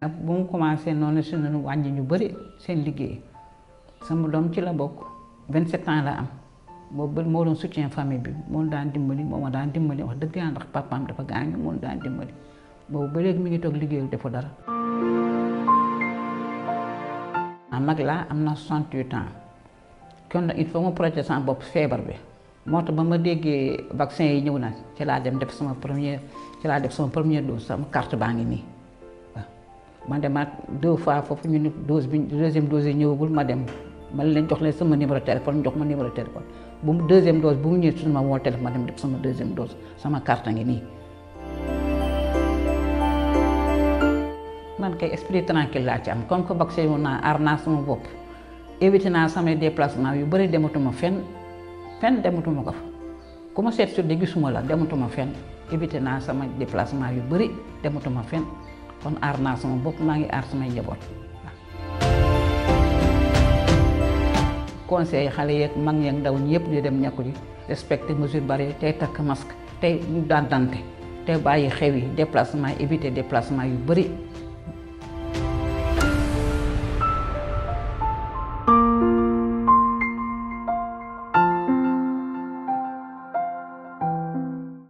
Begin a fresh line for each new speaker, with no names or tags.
ak ba mu commencé noonu si nañu wàññi ñu bëri seen liggéey sama doom ci la bokk vingt-sept ans la am boobu moo doon soutien famille bi moom daan dimbali moo ma daan dimbali wax dëgg yàlla ndax papaam dafa gaañu moo daan dimbali boobu ba léegi mi ngi toog liggéeyul defu dara. ah mag laa am na 68 ans kon il faut ma protéger sama bopp feebar bi moo tax ba ma déggee vaccin yi ñëw na ci laa dem def sama première ci laa def sama première doo sama carte baa ngi nii. man demaat deux fois foofu ñu ne dose bi deuxième dose yi ñëwagul ma dem ma leen jox leen sama numéro téléphone jox ma numéro téléphone bu mu deuxième dose bu mu ñëwee suñu ma woo ma dem def sama deuxième dose sama karta ngi nii. man kay esprit tranquille laa ci am comme que vacciné naa aar naa sama bopp évité naa samay déplacement yu bëri dematuma fen fenn dematuma ko fa ku ma seet sur de gisuma la dematuma fenn évité naa sama déplacement yu bëri dematuma fen kon aar naa sama bopp maa ngi aar samay njaboot conseil xale yeeg mag yeeg ndaw ñëpp ñu dem ñàkku ji respecté mesure barrière tey takk masque tey ñu daan dante tey bàyyi xew yi déplacement éviter déplacement yu bëri